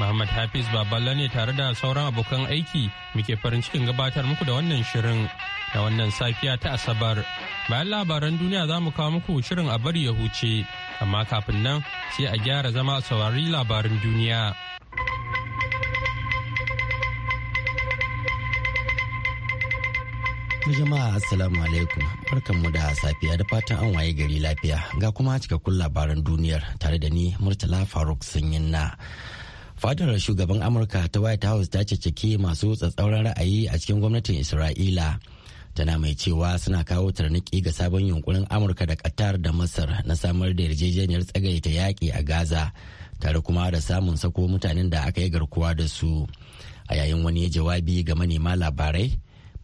Muhammad Hafiz Baballa ne tare da sauran abokan aiki muke farin cikin gabatar muku da wannan shirin da wannan safiya ta Asabar. Bayan labaran duniya za mu kawo muku shirin a bari ya huce, amma kafin nan sai a gyara zama a saurari labarin duniya. jama'a assalamu alaikum mu da safiya da fatan an waye gari lafiya ga kuma cikakkun labaran duniyar tare da ni murtala faruk sanyin na fadar shugaban amurka ta white house ta ceceki masu tsatsauran ra'ayi a cikin gwamnatin isra'ila tana mai cewa suna kawo tarniki ga sabon yunkurin amurka da qatar da masar na samar da yarjejeniyar tsagaita yaƙi a gaza tare kuma da samun sako mutanen da aka yi garkuwa da su a yayin wani jawabi ga manema labarai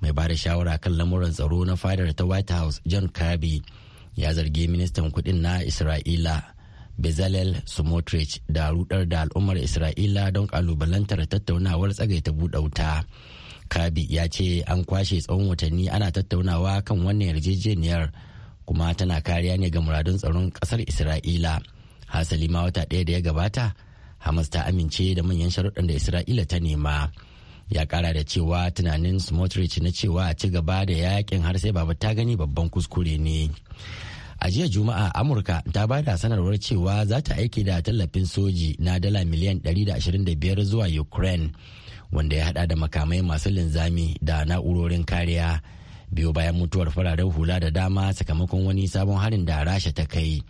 mai ba da shawara kan lamuran tsaro na fadar ta white house john kirby ya zargi ministan kudin na isra'ila bezalel smotrich da rudar da al'ummar isra'ila don kalubalantar tattaunawar tsagaita buɗe wuta kabi ya ce an kwashe tsawon watanni ana tattaunawa kan wannan yarjejeniyar kuma tana kariya ne ga muradun tsaron kasar isra'ila hasali ma wata ɗaya da ya gabata hamas ta amince da manyan sharuɗan da isra'ila ta nema ya kara da cewa tunanin smotrich na cewa a ci gaba da yakin har sai baba ta gani babban kuskure ne a jiya juma'a amurka ta ba da sanarwar cewa za ta aiki da tallafin soji na dala miliyan 125 zuwa ukraine wanda ya hada da makamai masu linzami da na'urorin kariya biyo bayan mutuwar fararen hula da dama sakamakon wani sabon harin da rasha ta kai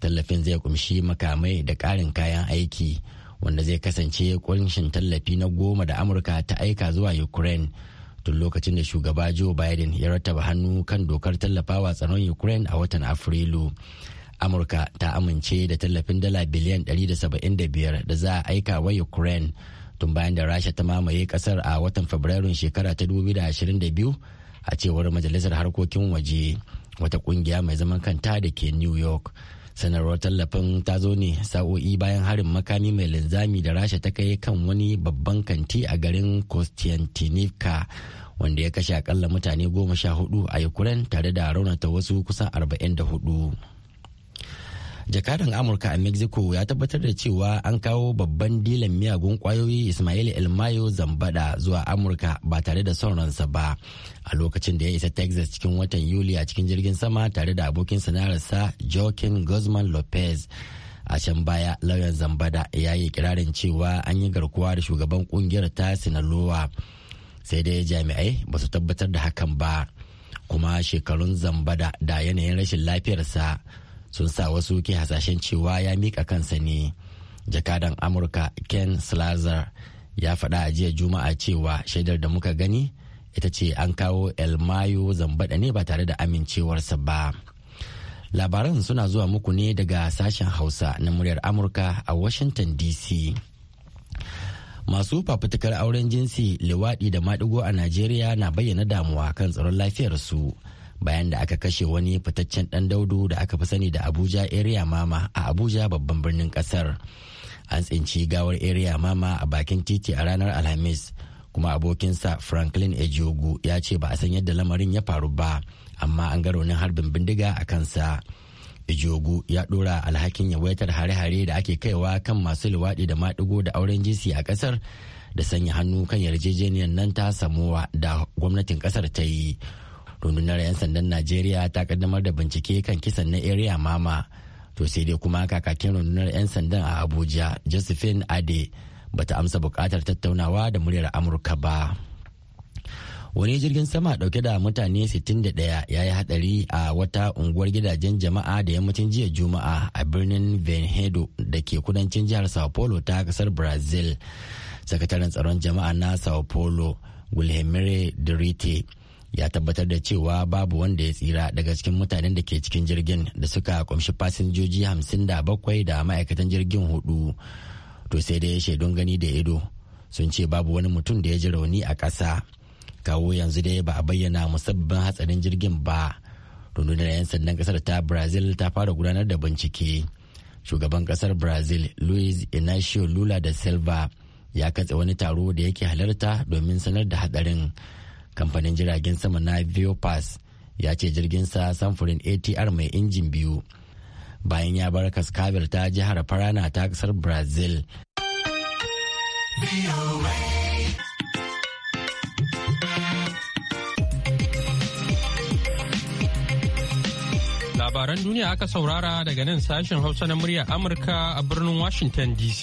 tallafin zai kumshi makamai da karin kayan aiki wanda zai kasance kunshin tallafi na goma da amurka ta aika zuwa ukraine tun lokacin da shugaba joe biden ya rattaba hannu kan dokar tallafawa tsaron ukraine a watan afrilu amurka ta amince da tallafin dala biliyan 175 da za a aika wa ukraine tun bayan da rasha ta mamaye kasar a watan fabrairun shekara ta 2022 a cewar majalisar harkokin waje wata kungiya mai zaman kanta da ke new york sanarwar tallafin ta zo ne sa'o'i bayan harin makami mai linzami da rasha ta kai kan wani babban kanti a garin kostiantinivka wanda ya kashe akalla mutane goma sha hudu a ukraine tare da raunata wasu kusan arba'in da hudu jakadan amurka a mexico ya tabbatar da cewa an kawo babban dilan miyagun kwayoyi ismail elmayo zambada zuwa amurka ba tare da son ransa ba a lokacin da ya isa texas cikin watan yuli a cikin jirgin sama tare da abokin sana'arsa joaquin guzman lopez a can baya lauyan zambada ya yi kirarin cewa an yi garkuwa da shugaban kungiyar ta sinaloa sai dai jami'ai ba su tabbatar da hakan ba kuma shekarun zambada da yanayin rashin lafiyarsa sun sa wasu ke hasashen cewa ya mika kansa ne jakadan amurka ken slazar ya faɗa a jiya juma'a cewa shaidar da muka gani ita ce an kawo elmayo zambaɗa ne ba tare da amincewarsa ba labaran suna zuwa muku ne daga sashen hausa na muryar amurka a washington dc masu fafutukar auren jinsi liwaɗi da maɗigo a najeriya na bayyana damuwa kan tsaron lafiyarsu su bayan da aka kashe wani fitaccen ɗan daudu da aka fi sani da abuja area mama a abuja babban birnin kasar an tsinci gawar area mama a bakin titi a ranar alhamis kuma abokinsa franklin ejogu ya ce ba a san yadda lamarin ya faru ba amma an ga raunin harbin bindiga a kansa ejogu ya dora alhakin yawaitar hare-hare da ake kaiwa kan masu luwaɗi da maɗigo da auren jinsi a ƙasar da sanya hannu kan yarjejeniyar nan ta samuwa da gwamnatin ƙasar ta yi rundunar 'yan sandan najeriya ta kaddamar da bincike kan kisan na area mama to sai dai kuma kakakin rundunar 'yan sandan a abuja josephine ade bata amsa bukatar tattaunawa da muryar amurka ba wani jirgin sama dauke da mutane 61 ya yi hadari a wata unguwar gidajen jama'a da yammacin jiya juma'a a birnin venhedo da ke kudancin jihar sao paulo ta kasar brazil sakataren tsaron jama'a na sao paulo wilhelmire durite ya tabbatar da cewa babu wanda ya tsira daga cikin mutanen da ke cikin jirgin da suka kumshi fasinjoji hamsin da bakwai da ma'aikatan jirgin hudu to sai dai shaidun gani da ido sun ce babu wani mutum da ya ji rauni a ƙasa kawo yanzu dai ba a bayyana musabbin hatsarin jirgin ba rundunar 'yan sandan kasar ta brazil ta fara gudanar da bincike shugaban kasar brazil luis inacio lula da silva ya katse wani taro da yake halarta domin sanar da hatsarin kamfanin jiragen sama na Viopas ya ce jirgin sa samfurin ATR mai injin biyu bayan ya bar kaskabel ta jihar Farana ta kasar Brazil. Labaran duniya aka saurara daga nan sashen Hausa na muryar Amurka a birnin Washington DC.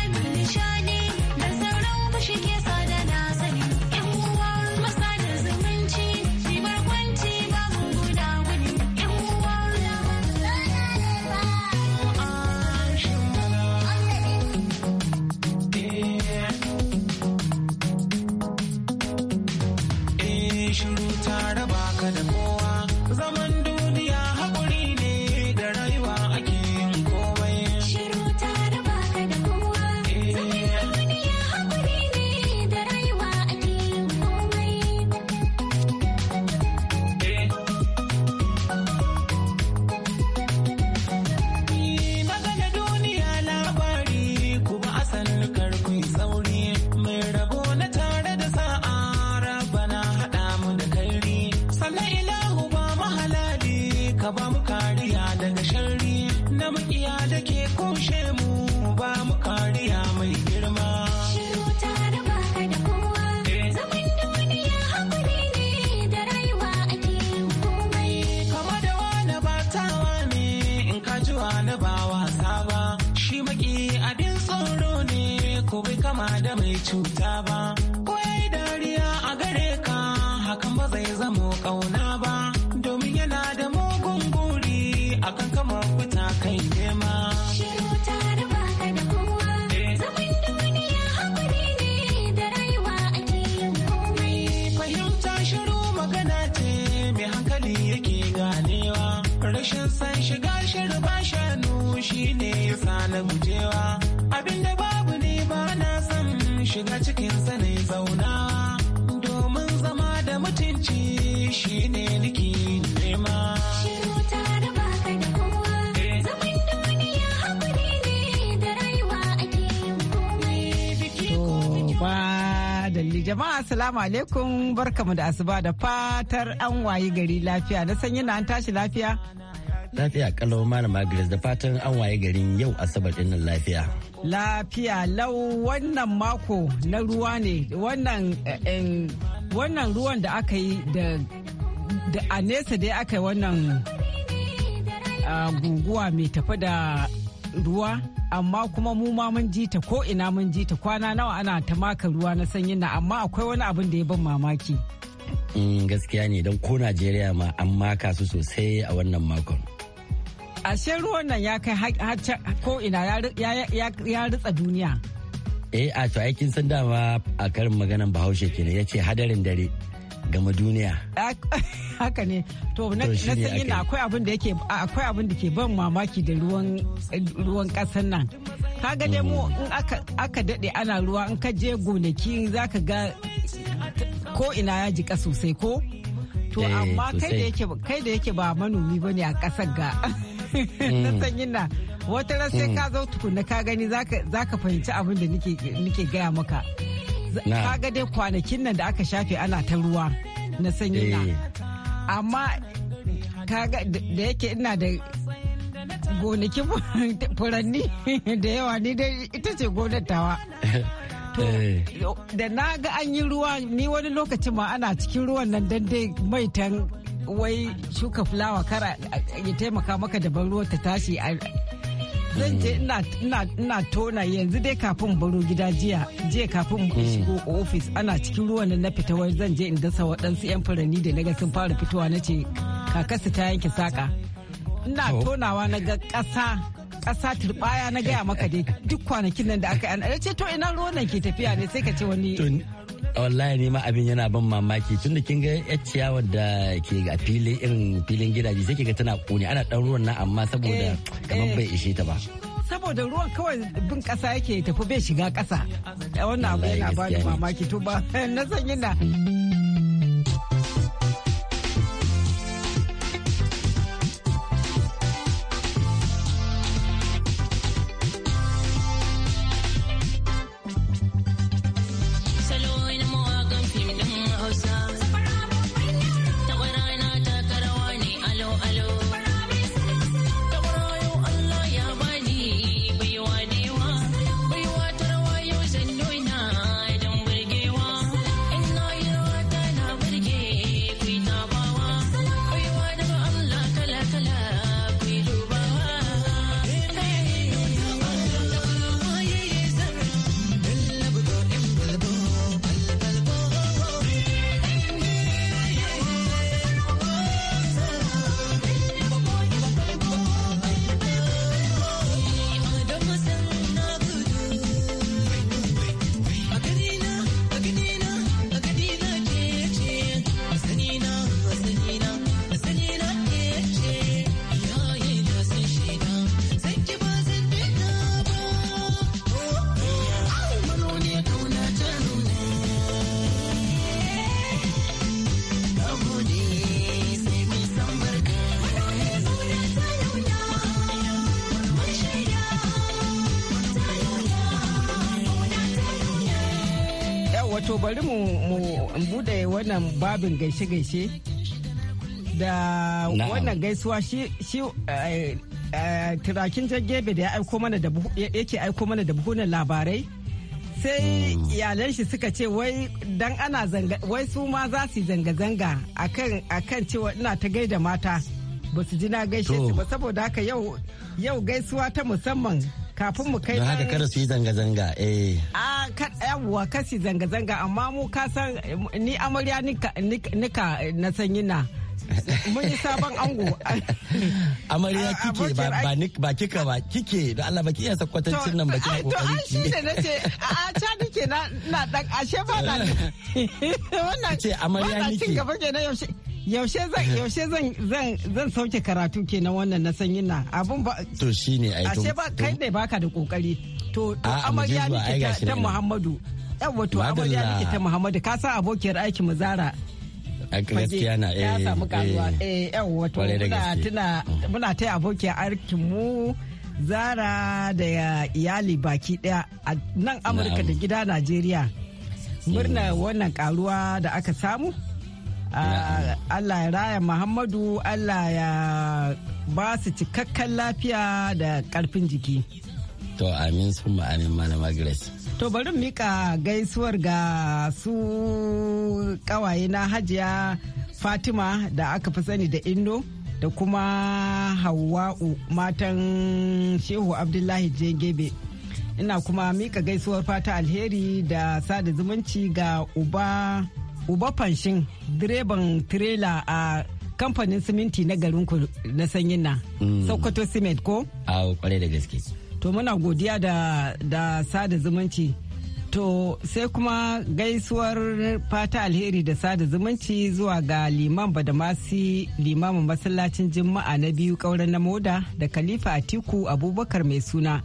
gama da mai cuta ba ko dariya a gare ka hakan ba zai zamo ƙauna shiga cikin sani zauna domin zama da mutunci shine niki nema. jama'a assalamu alaikum barkamu da asuba da fatar an wayi gari lafiya na sanyi na, an tashi lafiya Lafiya kalau malama Magris da fatan an waye garin yau Asabar din nan lafiya. Lafiya lau wannan mako na ruwa ne wannan eh, eh, ruwan da aka yi da a nesa dai aka yi wannan ah, guguwa mai tafi da ruwa amma kuma mu ma mun ji ko ina mun ji kwana nawa ana ta maka ruwa na sanyin na amma akwai wani abin da ya ban mamaki. Mm, gaskiya ne don ko najeriya ma an maka su sosai a wannan makon ashe ruwan nan ya kai ko ina ya ritsa duniya eh a to aikin san dama a karin maganan bahaushe kenan ya ce hadarin dare gama duniya haka ne to na san na akwai abin da yake akwai abin da ke ban mamaki da ruwan ruwan kasan nan kaga dai mu mhm. in aka dade ana ruwa in ka je gonaki zaka ga ko ina ya jika sosai ko to eh, amma kai da yake ba manomi bane a kasar ga na sanyin mm. na wata ran sai mm. ka zo tukunna ka gani zaka fahimci abin da nike gaya maka ka ga dai kwanakin nan da aka shafe ana ta ruwa na sanyin na eh. amma kaga da yake ina da gonakin furanni da yawa ni dai ita ce gonatawa eh. da na ga an yi ruwa ni wani lokacin ma ana cikin ruwan nan dan dai maitan wai shuka fulawa kara ya taimaka maka da ban ruwa ta tashi zan je ina tona yanzu dai kafin baro gida jiya jiya kafin in hmm. shigo ofis ana cikin ruwan na fita wai zan je in dasa waɗansu 'yan furanni da na ga sun fara fitowa na ce kakasu ta yanke saka ina tonawa na ga ƙasa ƙasa turɓaya na gaya maka dai duk kwanakin nan da aka yi ce to ina ruwan nan ke tafiya ne sai ka ce wani wallahi ne ma abin yana ban mamaki tun da kin ga yar ciyawar da ke a filin irin filin gidaje sai ga tana kone ana dan ruwan na amma saboda eh, kamar bai eh. ishe ta ba saboda ruwan kawai bin kasa yake tafi bai shiga kasa eh, wannan abu yana ba ni mamaki to ba na san yana bari mu bude wannan babin gaishe-gaishe da wannan gaisuwa shi eh, eh, turakin jagebe da yake aiko mana da buhunan labarai sai mm. iyalan shi suka ce wai dan ana zanga wai su ma za su zanga-zanga akan cewa ina ta gaida mata ba su ji na gaishe su ba saboda haka yau gaisuwa ta musamman kafin mu kai don haka kada su yi zanga-zanga eh a ah, ma yawwa kasi zanga-zanga amma mu kasan ni amarya nika na sanyi na mun yi sabon ango amarya kike ba ba kika ba kike da Allah baki iya sakwatancin nan baki ba ki to an shi ne nace a ta nike na na dan ashe ba na wannan ce amarya nike cin gaba kenan yaushe yaushe zan yaushe zan zan zan sauke karatu kenan wannan na sanyin na abun ba to shine ai to ashe ba kai ne baka da kokari to amarya nike ta muhammadu yawa to amarya nike ta muhammadu ka san abokiyar aiki mu zara a gaskiya na eh ya samu karuwa eh, eh yawa to muna tuna mm. muna ta abokiyar aikin mu zara da iyali baki daya a nan amurka da gida najeriya mm. murna wannan karuwa da aka samu ah, Allah ya raya Muhammadu Allah ya ba su cikakken lafiya da karfin jiki. To amin sun amin malama Grace. To bari mika gaisuwar ga su kawaye na hajiya Fatima da aka fi sani da Indo da kuma Hawwa'u matan Shehu Abdullahi Jengebe. Ina kuma mika gaisuwar fata alheri da sada zumunci ga uba uba fanshin direban tirela a kamfanin siminti na garin na sanyin nan. Mm. Sokoto Cement ko? A kwarai da gaske. to muna godiya da da sada zumunci to sai kuma gaisuwar fata alheri da sada zumunci zuwa ga liman badamasi limamin masallacin juma'a na biyu kauren na moda da khalifa atiku abubakar mai suna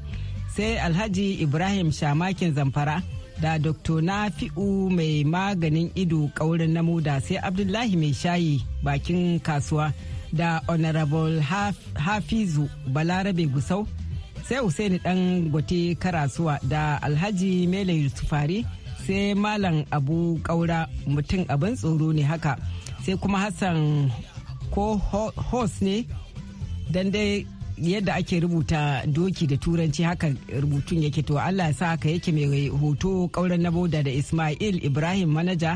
sai alhaji ibrahim shamakin zamfara da dr fi'u mai maganin ido kaurin na moda sai abdullahi mai shayi bakin kasuwa da honorable hafizu balarabe gusau sai Usaini dan gote karasuwa da Alhaji Mele Yusufari sai Malam Abu Kaura mutum abin tsoro ne haka sai kuma Hassan ko ne dan dai yadda ake rubuta doki da turanci haka rubutun yake to Allah sa ka yake mai hoto kauran na boda da Ismail Ibrahim manaja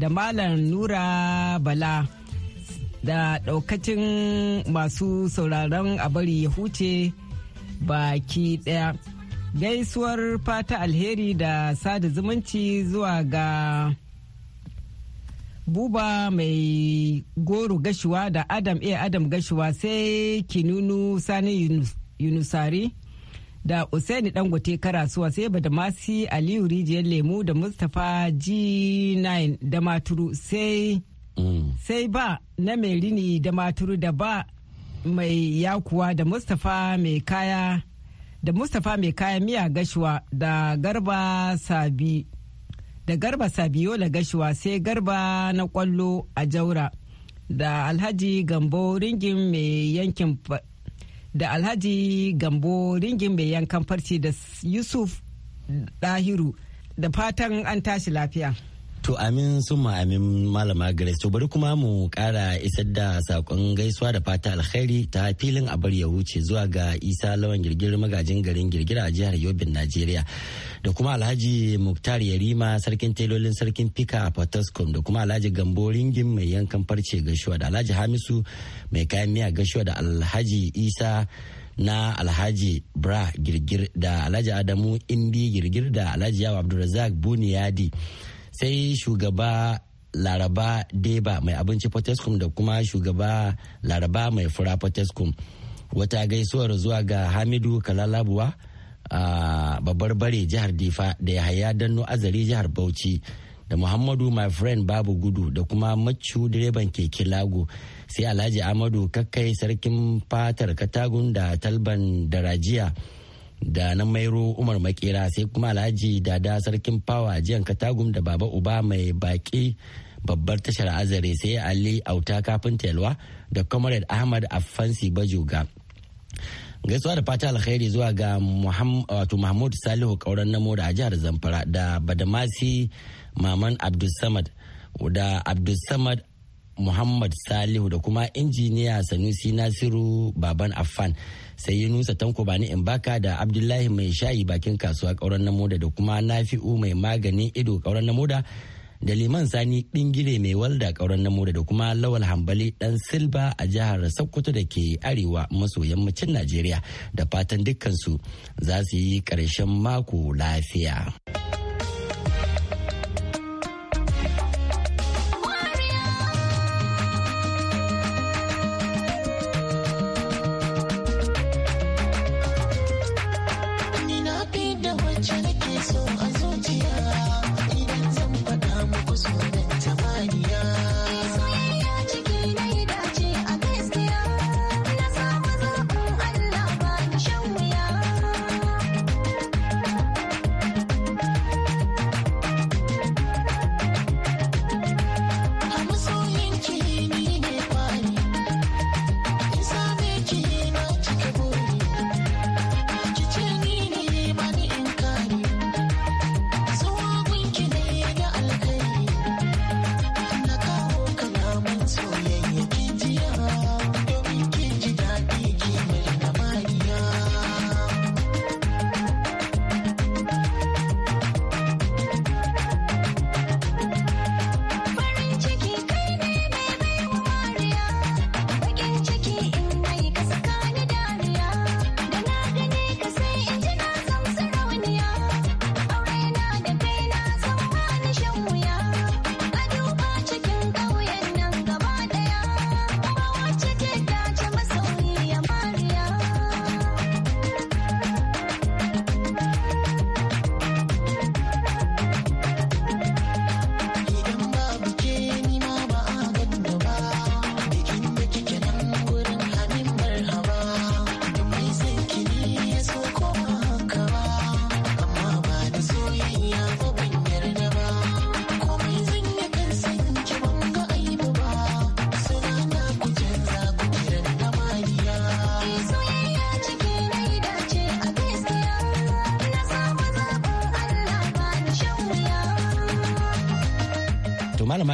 da Malam Nura Bala da daukacin masu sauraron a bari ya huce baki ɗaya. Gaisuwar fata alheri da sada zumunci zuwa ga Buba mai goro gashuwa da Adam A. Eh, Adam gashuwa sai Kinunu Sani Yunusari da Usaini Dangote Karasuwa sai masi Aliyu Rijiyar Lemu da Mustapha G9 da Maturu mm. sai ba na Merini da Maturu da ba mai yakuwa da mustapha mai kaya da mustapha mai kaya miya gashuwa da garba sabi da garba gashuwa sai garba na kwallo a jaura da alhaji gambo ringin mai yankin da alhaji gambo ringin mai yankan farci da yusuf dahiru da fatan an tashi lafiya To amin sun amin malama Grace. To bari kuma mu kara isar da sakon gaisuwa da fata alkhairi ta filin abar ya wuce zuwa ga Isa Lawan Girgir magajin garin Girgira a jihar Yobin Najeriya. Da kuma Alhaji Muktar Yarima sarkin telolin sarkin Fika a Potoskum da kuma Alhaji Gambo Ringin mai yankan farce gashuwa da Alhaji Hamisu mai kayan miya gashuwa da Alhaji Isa na alhaji bra girgir da alhaji adamu indi girgir da alhaji yawa abdulrazak buniyadi sai shugaba laraba deba mai abinci potescom da kuma shugaba laraba mai fura potescom wata gaisuwar zuwa ga hamidu kalalabuwa a babbar bare jihar difa da yahaya danno azari jihar bauchi da muhammadu my friend babu gudu da kuma macu direban keke lago sai alhaji amadu kakkai sarkin fatar katagun da talban darajiya da na mairo umar makera sai kuma alhaji dada sarkin fawa jiyan katagum da baba uba mai baki babbar tashar azare sai ali auta kafin telwa da comrade ahmad afansi bajoga gaisuwa da fata alkhairi zuwa ga wato mahmud salihu kauran namo da jihar zamfara da badamasi maman abdulsamad da abdulsamad Muhammad Salihu da kuma injiniya Sanusi Nasiru Baban Affan sai nusa Tanko Bani Imbaka da Abdullahi mai shayi bakin kasuwa kauran moda da kuma Nafi'u mai magani ido kauran namoda da Liman Sani Dingire mai walda kauran namoda da kuma Lawal Hambali dan Silba a jihar Sokoto da ke arewa maso yammacin Najeriya da fatan dukkansu za su yi ƙarshen mako lafiya.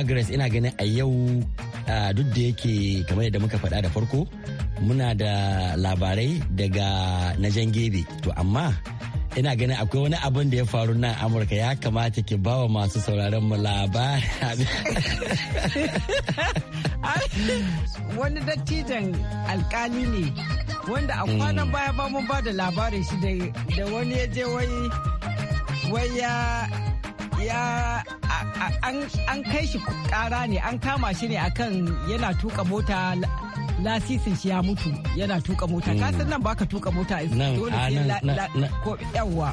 Margaret ina ganin a yau duk da yake kamar yadda muka faɗa da farko muna da labarai daga na gebe to amma ina ganin akwai wani abin da ya faru nan amurka ya kamata ki bawa masu sauraron mu labari wani dattijan alkali ne wanda a kwanan hmm. baya ba mun ba da labarin shi da wani ya je wai ya an kai shi kara ne an kama shi ne akan yana tuka mota lasisin shi ya mutu yana tuka mota kasan mm. nan baka tuka mota dole ko yawwa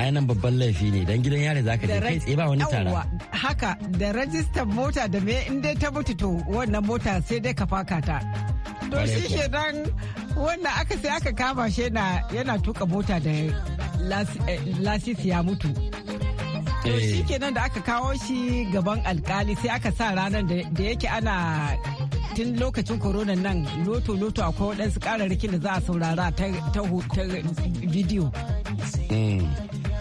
ai nan babban laifi ne dan gidan yare zaka je kai tsaye ba wani tara haka da rajistar mota da me in dai ta mutu to wannan mota sai dai ka faka ta to shi dan wannan aka sai aka kama shi yana tuka mota da eh, lasisi ya mutu To eh. shi kenan da aka kawo shi gaban alkali sai aka sa ranar da yake ana tun lokacin korona nan loto-loto akwai waɗansu ƙararrakin da za a saurara ta bidiyo. Mm.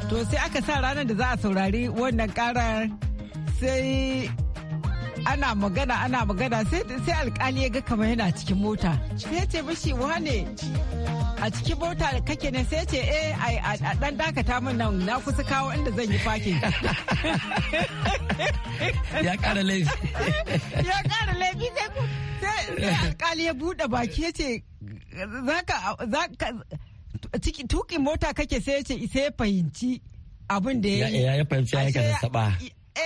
To sai aka sa ranar da za a saurari wannan ƙarar sai ana magana ana magana sai alkali ya ga kamar yana cikin mota sai ce mishi wane a cikin mota kake ne sai ce eh a dan dakata min nan na kusa kawo inda zan yi fakin ya kara laifi ya kara laifi sai alkali ya bude baki ya ce zaka tuki mota kake sai ya ce sai fahimci abin da ya yi ya fahimci ya ka saba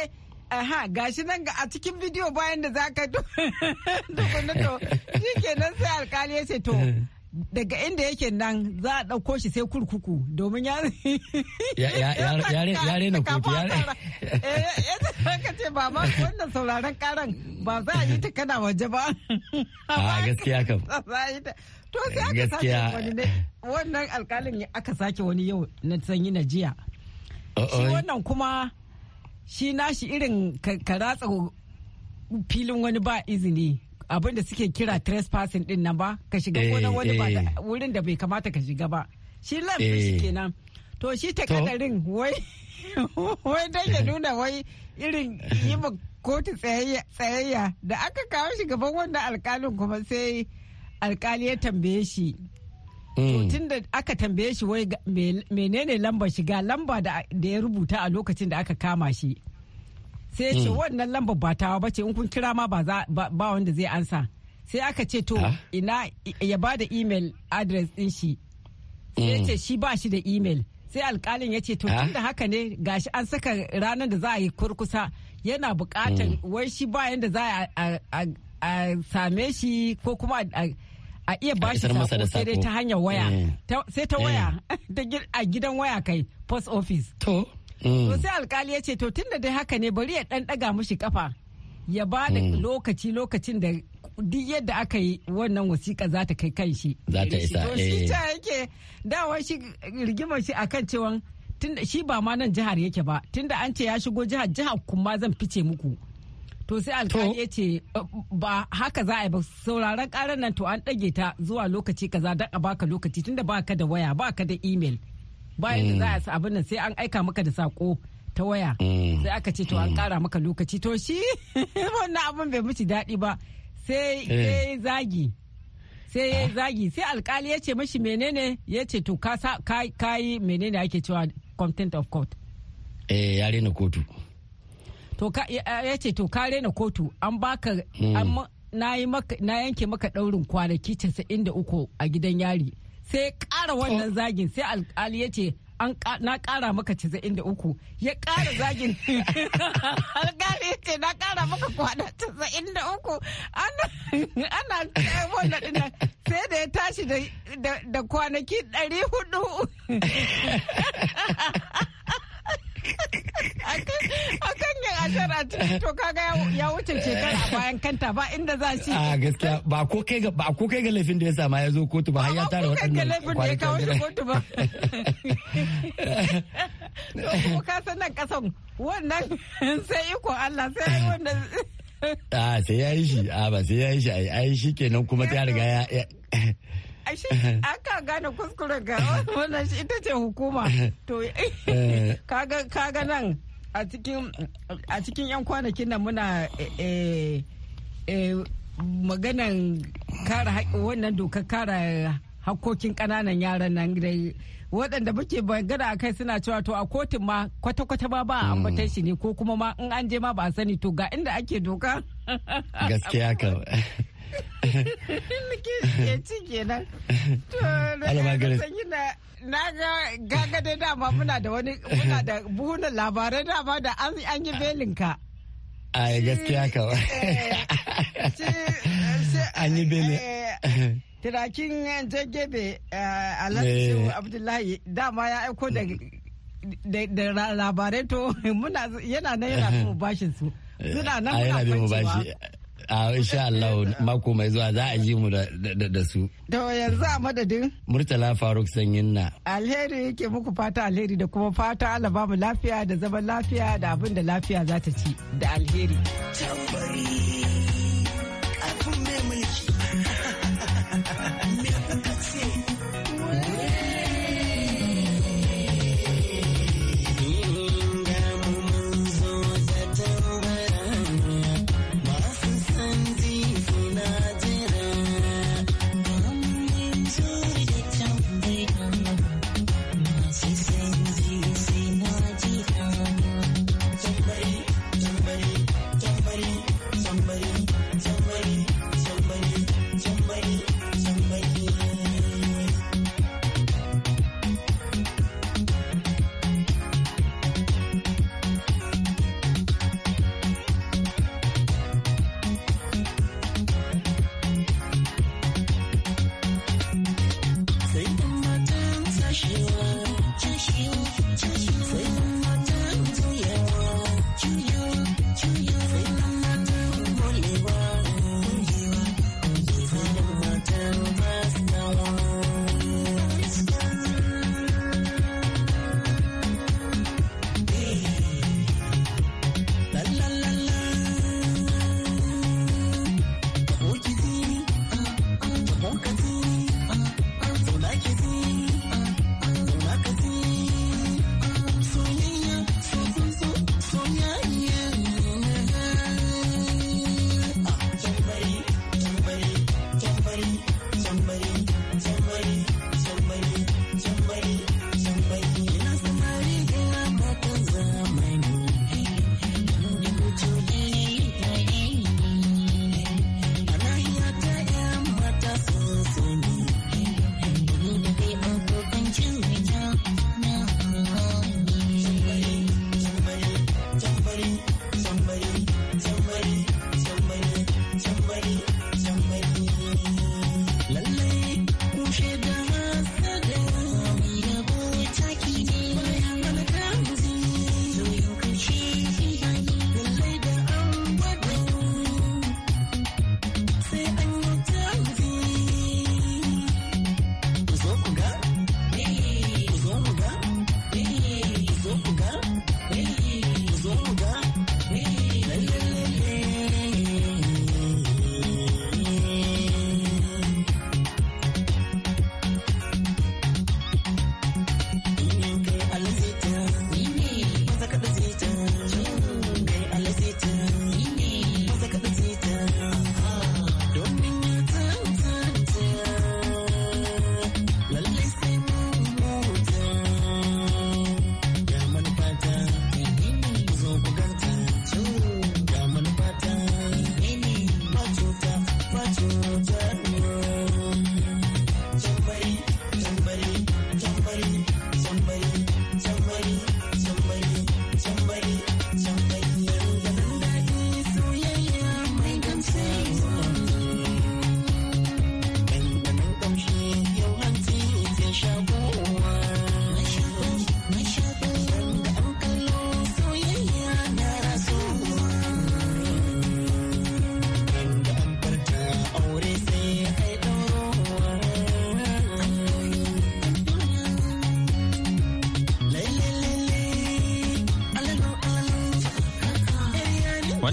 eh Aha, gashi nan a cikin bidiyo bayan da zaka tukuna to shi kenan sai alkali ya ce to daga inda yake nan za a ɗauko shi sai kurkuku domin ya rena kotu ya eh, ka ce ba ma wannan sauraron karan ba za a yi ta kana waje ba a gaskiya kam to sai aka sake wani ne wannan alkalin aka sake wani yau na sanyi na jiya shi wannan kuma shi nashi irin ka ratsa filin wani ba izini abin da suke kira trespassing din nan ba ka shiga gonar eh, wani ba eh. wurin da bai kamata ka shiga ba shi laifin shi eh. kenan to shi ta wai wai dan ya nuna wai irin yi ma kotu tsayayya da aka kawo shi gaban wannan alkalin kuma sai alkali ya tambaye shi Mm. tun da aka tambaye shi wai menene lambar shiga lamba da ya rubuta a lokacin da aka kama shi sai ce mm. wannan lamba ba tawa bace in kun kira ma ba wanda zai ansa sai aka ce to ah. ina ya ba da email address din shi sai ce mm. shi ba shi da email sai alkalin ya ce to ah. tun da haka ne ga shi an saka ranar da za a yi kurkusa yana bukatar wai shi ba yanda za a same shi ko kuma a iya ba shi sako sai dai ta hanyar waya eh. sai ta eh. waya a gidan waya kai post office to mm. sai alkali ya ce to tunda dai haka ne bari ya dan daga mushi kafa ya ba da mm. lokaci lokacin da duk yadda aka yi wannan wasiƙa za ta kai kan shi za ta isa shi ta eh. yake dawa shi rigimar shi akan cewa shi ba ma nan jihar yake ba tunda an ce ya shigo jihar jihar kuma zan fice muku to sai alkali ya ce ba haka za a yi ba sauraron karar nan to an ɗage ta zuwa lokaci kaza don a baka lokaci tunda ka da waya ba ka da email bayan da za a mm. abin nan sai an aika maka da sako ta waya mm. sai aka ce to an kara mm. maka lokaci to shi wannan abin bai mishi daɗi ba sai eh. zagi sai ya ah. zagi sai alkali ya ce mashi menene ya ce to ka yi menene ake cewa content of court eh ya rena kotu to ya ce to ka rena kotu an baka hmm. na yanke maka daurin kwanaki 93 a gidan yari sai ƙara wannan zagin sai alkali ya ce na ƙara maka 93 ya ƙara zagin alkali ya ce na ƙara maka kwana 93 ana wannan dina sai da ya tashi da kwanaki 400 akan yin asara to kaga ya wuce shekara bayan kanta ba inda za shi a gaskiya ba ko kai ga ba ko kai ga laifin da ya sama ya zo kotu ba har ya tara waɗannan laifin da ya kawo kotu ba to ko ka san nan kasan wannan sai iko Allah sai wanda a sai ya shi a ba sai ya shi a yi shi kenan kuma ta riga ya ai ba gane kuskuren ga wannan shi ita ce hukuma to eh. kaga nan a cikin yan kwanakin nan muna eh, eh, maganan kara wannan dokar kara hakkokin kananan yaran nan dai waɗanda muke magana kai suna cewa to a kotun ma kwata-kwata ma ba a hmm. ambatan shi ne ko kuma ma in an je ma ba a sani to ga inda ake doka gaskiya ka ke ci kenan. To na ga gaga dai dama muna da wani muna da buhunan labarai dama da an yi belin ka. A gaskiya ka eh, An yi belin. Eh, tirakin jagebe eh, Alhaji Abdullahi dama ya aiko da da labarai to muna yana nan yana bashin su. Suna nan muna kwancewa. a insha Allah mako mai zuwa za a ji mu da su da yanzu a madadin murtala faruk sanyin na alheri yake muku fata alheri da kuma fata Allah ba mu lafiya da zaman lafiya da abin da lafiya za ta ci da alheri tambari